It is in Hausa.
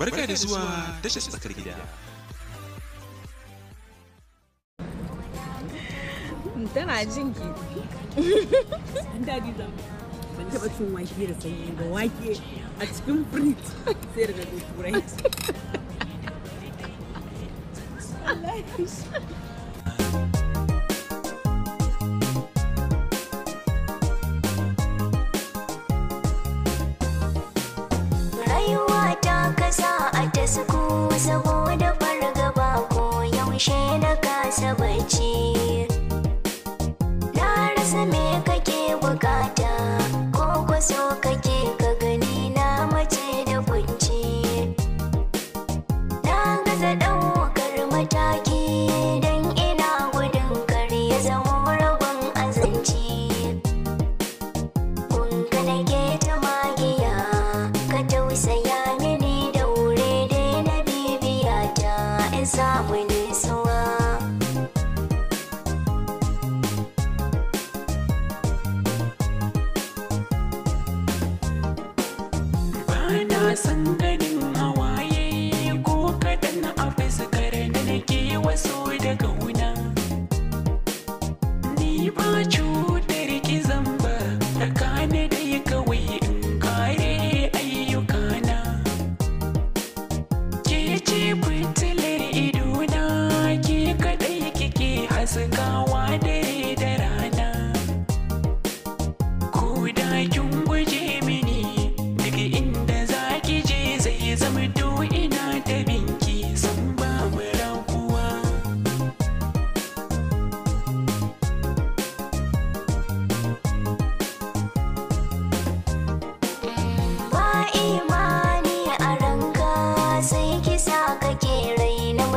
Barka da zuwa tashar tsakar gida. Tana jin ki. Daɗi zan. Ban taba cin wake da sanyi ba wake a cikin frit sai daga zo turai. Allah ya yaushe na kasa bacci na rasa me kake bukata ko kwaso kake ka gani na mace da kunci na gaza daukar mataki don ina gudun kar ya zama rabon azanci kun ka nake ta magiya ka tausayi samu nisuwa Bana